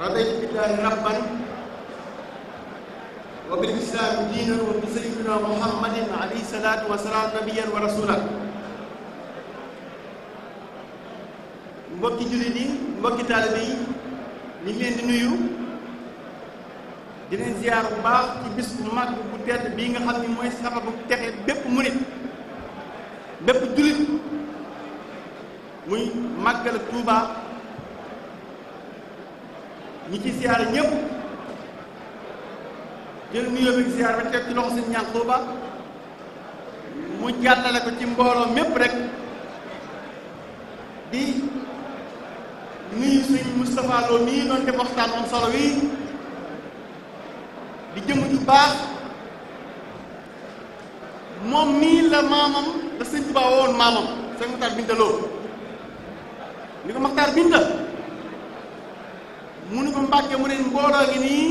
radaytu billahi rabban wa bil islami diinan wa bi sayyidina muhammadin wa salaam nabiyyan wa rasula mbokki jullit yi mbokki taalibe yi ñu leen di nuyu di leen ziyaar bu baax ci bis bu mag bu tedd bii nga xam ni mooy sababu texe bépp murit bépp jullit muy màggal Tuubaa ñi ci siyaare ñëpp jël nuyoo bi siyaar ba ci loxo sëñ Ñaŋ ba mu jàllale ko ci mbooloo mépp rek di nuyu sëñ Moustapha Lo nii doon def waxtaan am solo wi di jëm ju baax moom nii la maamam la sëñ Tuubaa woon maamam sëñ Maxtaar Binta ni ko Maxtaar Binta mu ne ko mbàkke mu ne mbooloo ngi nii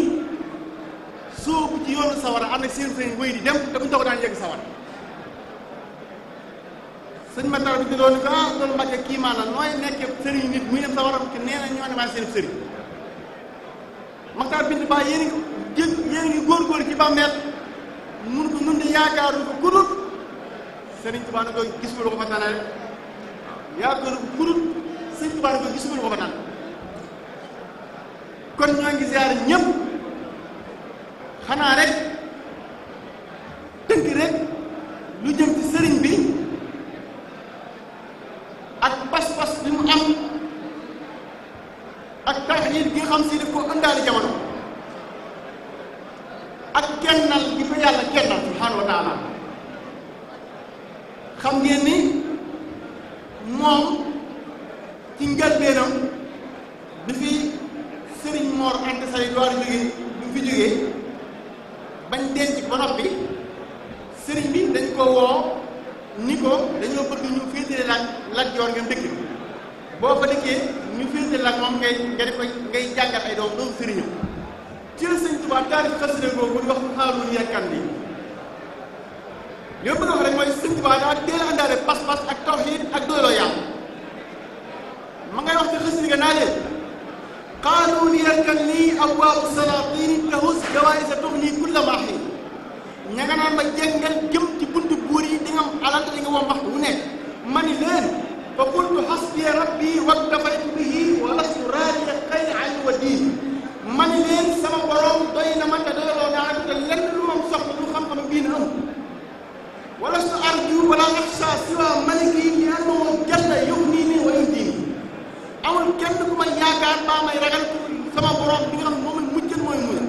sóobu ci yoonu sawara am na seen seen di dem te bu ñu toog daan yegg sawara sëñ Matar bi di doon ko ah loolu mbàkke kii maanaam nooy nekkee sëriñ nit muy dem sawara te nee na ñoo ne maa seen sëriñ Matar baa yéen ngi yéen ngi góorgóor ci bàmmeel mun ko mun di yaakaaru kudut sëriñ Tuubaa ne ko gis ko ko fa tànnale yaakaaru ko kudut sëriñ Tuubaa ne gis ko ko fa tànnale ko ñoo ngi ziar ñëpp xanaa rek li ma bëgg a wax rek mooy sëñ Tuubaa daa teel a àndaale pas ma ngay wax ci xës nga naa leen qaalu liyalkannii abwaabu salaatiin tahus jawaa'isa tuxnii kulla maaxiin ña nga naan ma jàngal jëm ci buntu alal te nga wambax bu ma ni leen fa qultu hasbiya rabbii waktafaytu bihi wa lastu raadiya xayri an wa ma ni leen sama borom doy na ma te doyloo naa te ولست أرجو ولا أخشى سوى ملكي لأنه جل يغنيني ويهديني amul kenn ku may yaakaar baa may ragal sama borom bi xam moom it mujjal mooy mujjal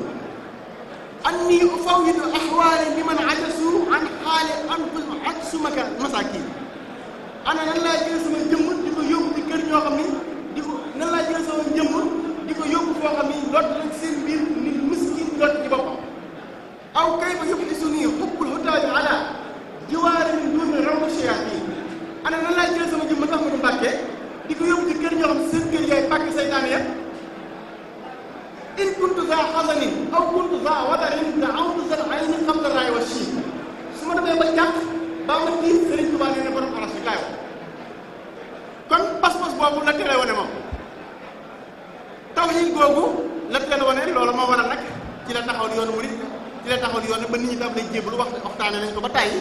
anni ufawwidu ahwaali liman ajasu an xaali anfus ajsu maka masaakin ana nan laa jël sama jëmm di ko yóbbu ci kër di ko nan laa jël di ko yóbbu foo lot la seen ni miskin lot ci boppam aw kayfa yublisuni xubbul hutaaji ala jébbalu wax waxtaane nañ ko ba tàyyi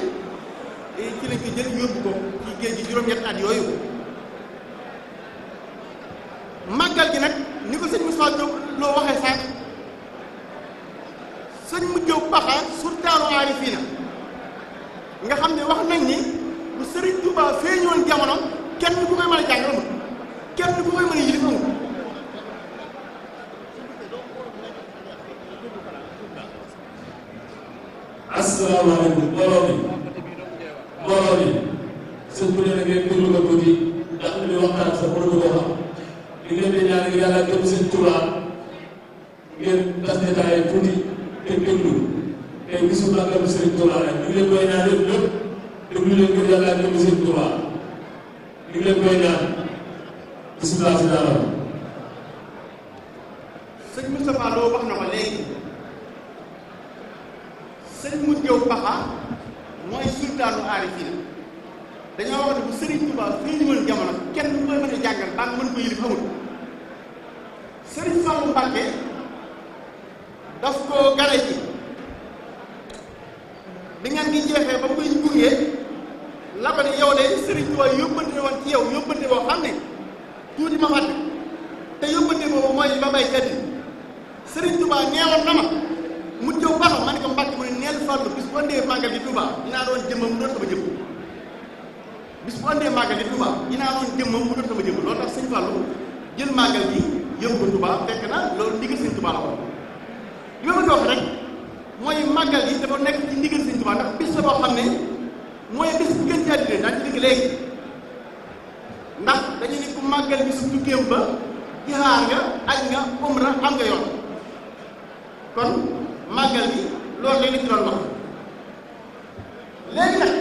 ci lañ ko jël yóbbu ko ci géej gi juróom-ñetti at yooyu màggal gi nag ni ko sëñ Moussa Diop loo waxee sax sëñ mu Diop baxa surtaaru nga xam ne wax nañ ni bu Serigne Touba feeñoon jamono kenn ku koy mën a jàng amul kenn ku koy mën a yilif asalaamaaleykum mbooloo mi mbooloo mi sëñ bu ne ngeen déglu ko tuuti ndax li ñuy waxtaan sax mënu ko xam li ngeen di ñaan yàlla jëm seen turaa ngeen tas détaillé tuuti te déglu te gisul nangam seen turaa rek ñu ngi leen koy ñaan yëpp yëpp déglu leen ngir yàlla jëm seen turaa ñu ngi leen koy ñaan bisimilah si dara. sëñ Moustapha Lo wax na Ibdaadul Aarifiina dañoo wax ne bu Serigne Touba fii ñu mën jamono kenn du mën a jàngal ba ba mu koy gungee la ko ne yow de Serigne Touba yóbbante woon ci yow yóbbante boo xam ne tuuti ma fàtte te yóbbante boobu mooy ba bay kati Serigne Touba neewoon na ma. mu jëw baax ma ne ko mbàkk mu ne neel fàllu bis bu andee màggal gi Touba dinaa doon jëmmam mu doon sama jëmm bis bu andee màggal gi Touba dinaa doon jëmmam mu doon sama jëmm loolu tax sëñ fàllu jël màggal gi yóbbu ko Touba fekk na loolu ndigal sëñ Touba la màggal gi dafa nekk ci ndigal sëñ Touba ndax bis la boo xam ne mooy bis bu gën ci àddina daan ci digg léegi ndax dañu ne ku màggal bi su tukkeem ba jihaar nga aj nga umra am nga yoon màggal bi loolu léegi ci doon wax léegi nag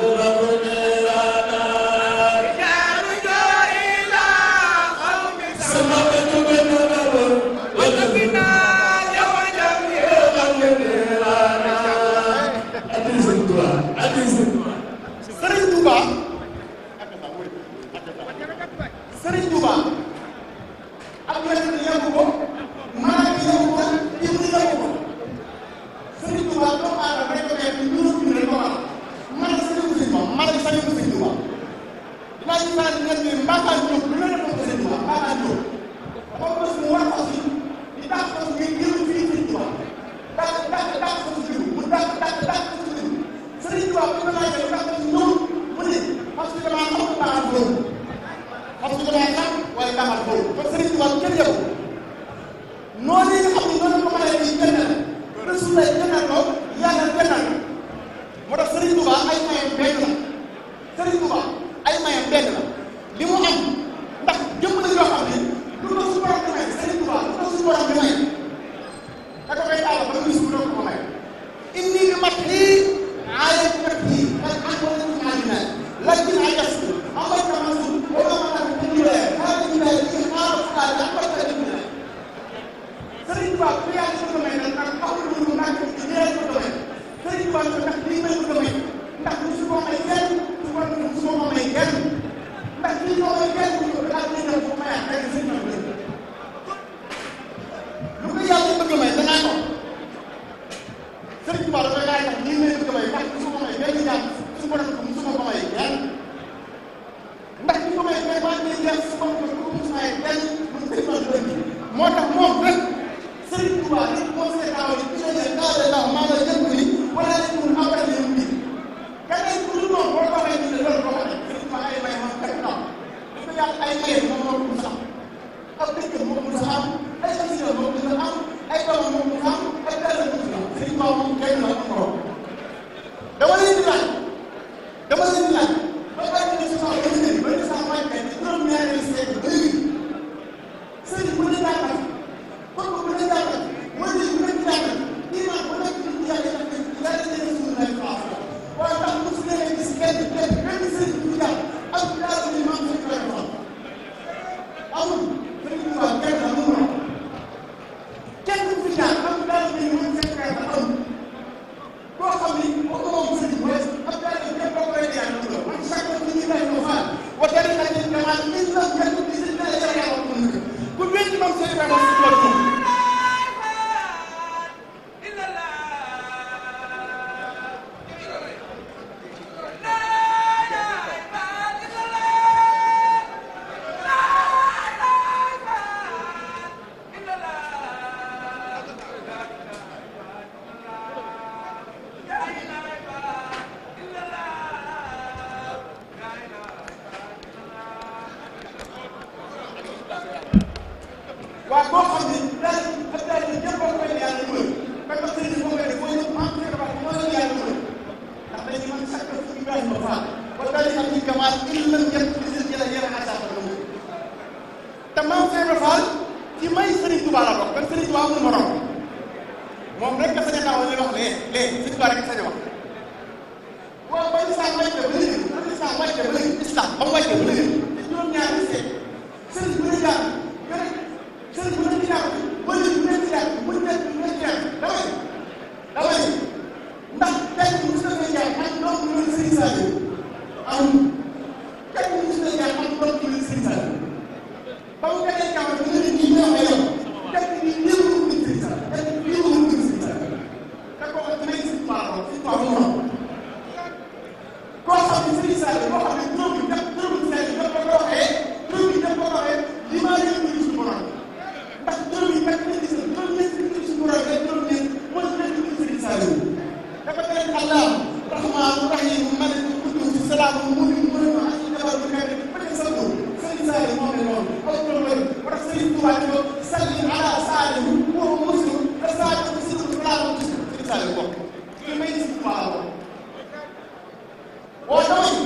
我相信。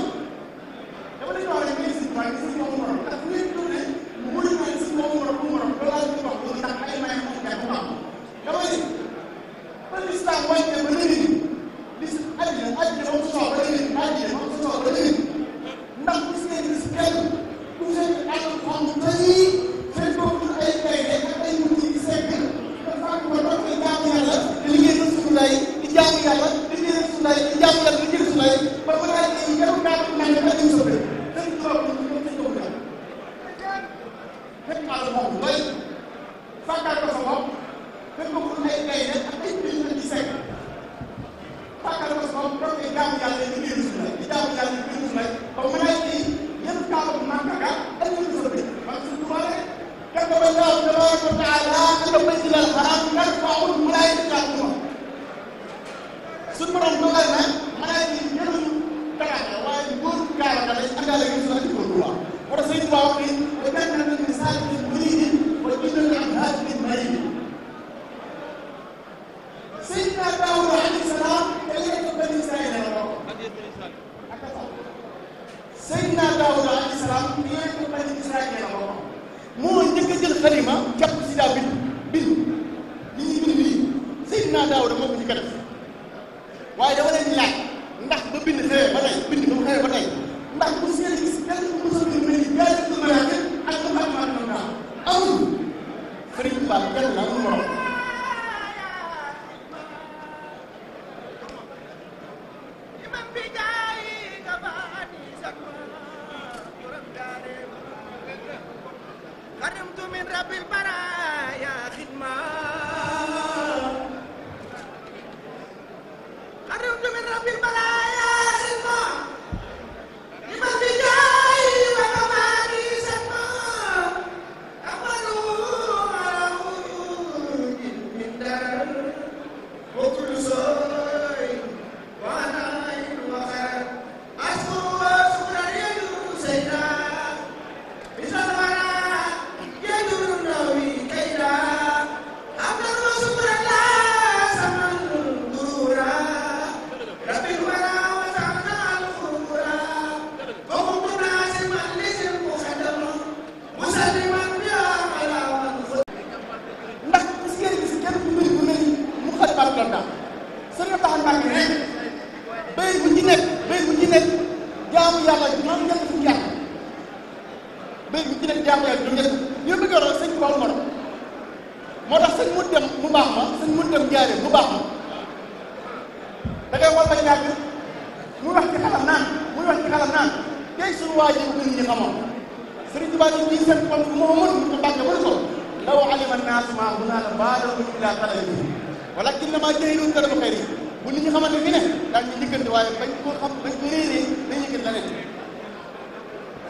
waaye xanaa yu bëri walakinnamaa jahilun talabu xayri bu nit ñi xamante fi ne daañu ñu waaye bañ xam bañ ko réeree dañ njëkkante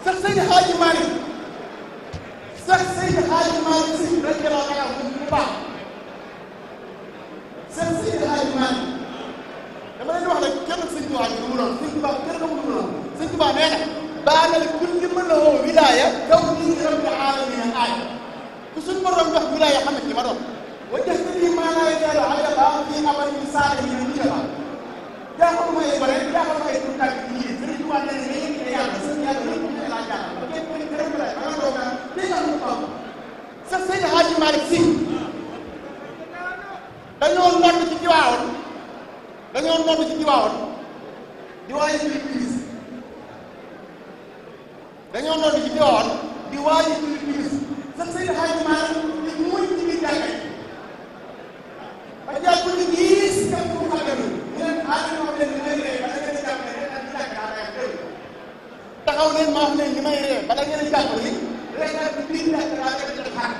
sax Seydi Xaaji Maalik sax Seydi Xaaji Maalik si radiyallaahu anhu bu baax sax Seydi Xaaji Maalik dama leen di kenn sëñ Tuubaa mu doon sëñ Tuubaa kenn mu doon sëñ Tuubaa nee na baanal kulli man lahu wilaaya tawfiiqi rabbil aalamiin aay ku suñ borom jox wilaaya xam ne ci ma وجسدي ما لا يزال عجبا في أمر صالح من جبا jaaxal ma ay bare jaaxal ma ay tur tàkk yi yéen sëriñ Tuubaa nee na yéen ne yàlla sëriñ yàlla yéen ñu ne laa jaaxal ba ngeen ko gërëm la ba nga doog a day am lu am sa sëñ Haaji Malick Si dañoo nodd ci jiwaawoon dañoo nodd ci jiwaawoon di waaye julli timis dañoo nodd ci jiwaawoon di waaye julli timis sa sëñ Haaji Malick di muñ ci biir jàkka ba jàpp ni gis képp ku xàggam ñu ah leen aadama wax leen li may ree ba da ngeen a jàpp ne rek ak di jàkk daa rek dëgg taxaw leen ma wax leen li may ree ba da ngeen a jàpp ni rek ak di biir jàkk daa rek di xaar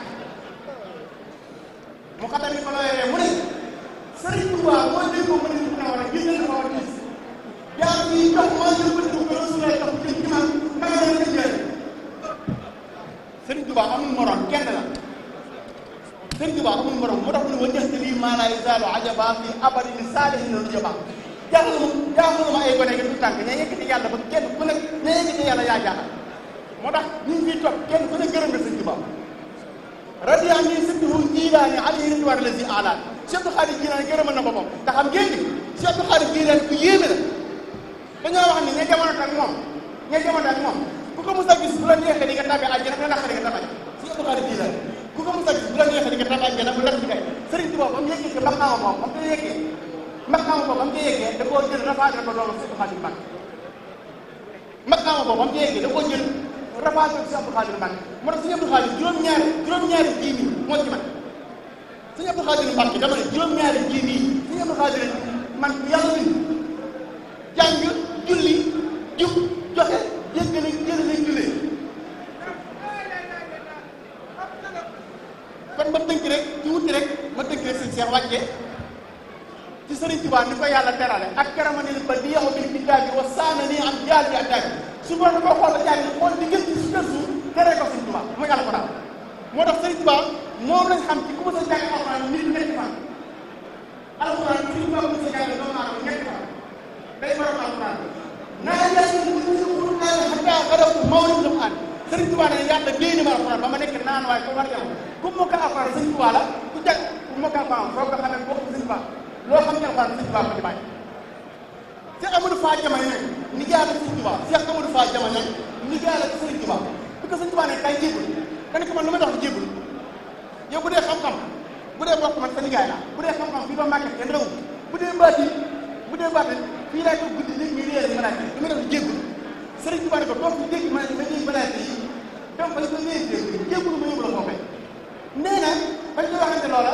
mu xatam ni fa lay ree mu ne Sëriñ Tuubaa moo dégg ko mu ne ñu war a gis leen dafa war a gis jaar yi jox moo jël ko dugg ko su lay jox ci ci man nga nga nga jël Sëriñ Tuubaa amul morom kenn la Sëriñ Tuubaa amul morom mu ne wa ñax lii maanaam yu zaalu ajaba fi abadi min saalihin na rujaba jaaxal ma jaaxal ma ay gone yi du tànk ña yëkkati yàlla ba kenn ku nekk ña yëkkati yàlla yaa jaaxal moo tax ñu ngi fiy topp kenn ku ne gërëm nga Sëriñ Tuubaa rajo yaa ngi sëbbihu jiilaani alayhi ridwaan lazi alaat Cheikh Abdou na boppam te xam ngeen ni Cheikh Abdou Khadre Jiilaani ku yéeme la dañoo wax ni ña jamono ak moom ña jamono ak moom ku ko mos a gis bu la neexee di ko mu saj bu la neexee di nga tàggaaj nga dem lekk kay sëriñ Tuubaa ba mu yeggee ci maqaama moom ba mu koy yeggee maqaama boobu ba mu koy yeggee da koo jël rafaatale ko loolu si Xaadim Mbàkke maqaama boobu ba mu koy yeggee da koo jël rafaatale ko si Abdou Xaadim Mbàkke moo tax Sëriñ Abdou Xaadim juróom-ñaari juróom-ñaari jii nii moo ci man Sëriñ Abdou Xaadim Mbàkke dama ne juróom-ñaari jii nii Sëriñ Abdou Xaadim man yàlla bi jàng julli jub joxe ne wàcce ci Sëriñ Tuubaa ni ko yàlla terale ak karamanil ba di yaxu bil kitaabi wa saana nii am jaal bi attaque su ko ko xool da jàng xool di ci su gëstu teree ko Sëriñ Tuubaa mooy alxuraan moo tax ku mës a jàng alxuraan nit ñetti fan alxuraan Sëriñ Tuubaa mës a jàng doomu aadama ñetti fan day faral alxuraan naa yàlla ñu ñu naa ma alxuraan ba naan waaye ko war yow ku mu ko alxuraan Sëriñ Tuubaa la ku jag bu ma gàmbaam foog nga xam ne bokk sëñ Tuubaa loo xam ne alxuraan sëñ Tuubaa ko di bàyyi te Amadou Fa Jamane nag ni jaara sëñ Tuubaa Cheikh Amadou Fa Jamane nag ni jaara sëñ Tuubaa bu ko sëñ Tuubaa ne kay jébul dana ko man lu ma dox di jébul yow bu dee xam-xam bu dee bokk man sa liggéey la bu dee xam-xam fii ba màggat kenn rawul bu dee baat yi bu dee baat yi fii laay ko guddi léegi ñuy leeral maraaj yi lu ma dox di jébul sëriñ Tuubaa ne ko toog fi dégg ma ma dégg maraaj yi dem ba la ko léegi dégg jébul ma yóbbu la foofee nee na bañ ko waxante loola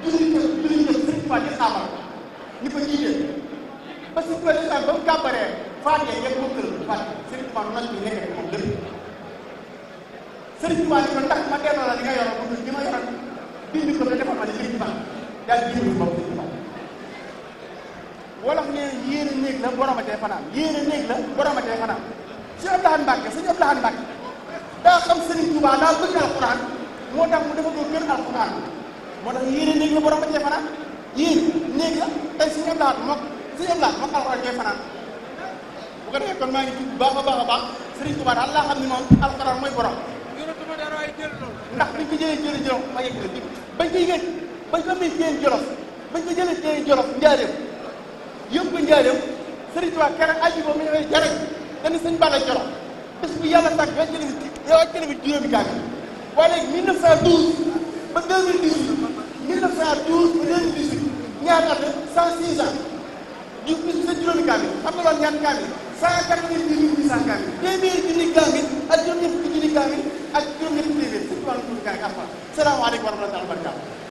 li ñuy def li ñuy def sëñ Tuubaa di saafara ñu ko jiite parce que ba mu kàmbaree Fatia yëpp moom kër Fatia sëñ Tuubaa noonu lañ nekk ak moom lépp sëñ Tuubaa di ko tax ma delloo la li nga yoroon moom li ma yoroon bind ko defal ma ne sëñ Tuubaa daal jiw bi moom sëñ Tuubaa wolof nee na yéene néeg la boromatee fanaan yéene néeg la boromatee fanaan si Abdoulaye Mbacke sëñ Abdoulaye Mbacke daa xam sëriñ Tuubaa daa bëgg alxuraan moo tax mu dafa ko kër alxuraan moo tax yéene néeg la borom ba cee fanaan yéen néeg la tey suñu ablaat mook suñu fanaan bu ko maa ngi tudd baax a baax a baax Sëriñ Tuubaa daal laa xam ne moom alxuraan mooy borom ndax bañ ko jëlee jëlee jolof ma yegg la jib bañ ko yëg bañ ko amee jëlee jolof bañ ko jëlee jëlee jolof njaareem yëpp ko njaareem Sëriñ Tuubaa keroog aji boobu mu ñëwee jareñ dañu sëñ Balla jolof bés bu yàlla tàgg yoo jëlee bi yoo jëlee bi juróomi ba 2018 1912 ba 2018 ñaari at 106 ans ñu gis sa juróomi kaamil xam nga loolu ñaari kaamil 198 kaamil téeméeri junni kaamil ak juróom-ñetti junni kaamil ak juróom-ñetti téeméer ci wàllu kaamil ak alfa salaamaaleykum wa rahmatulah wa barakatuh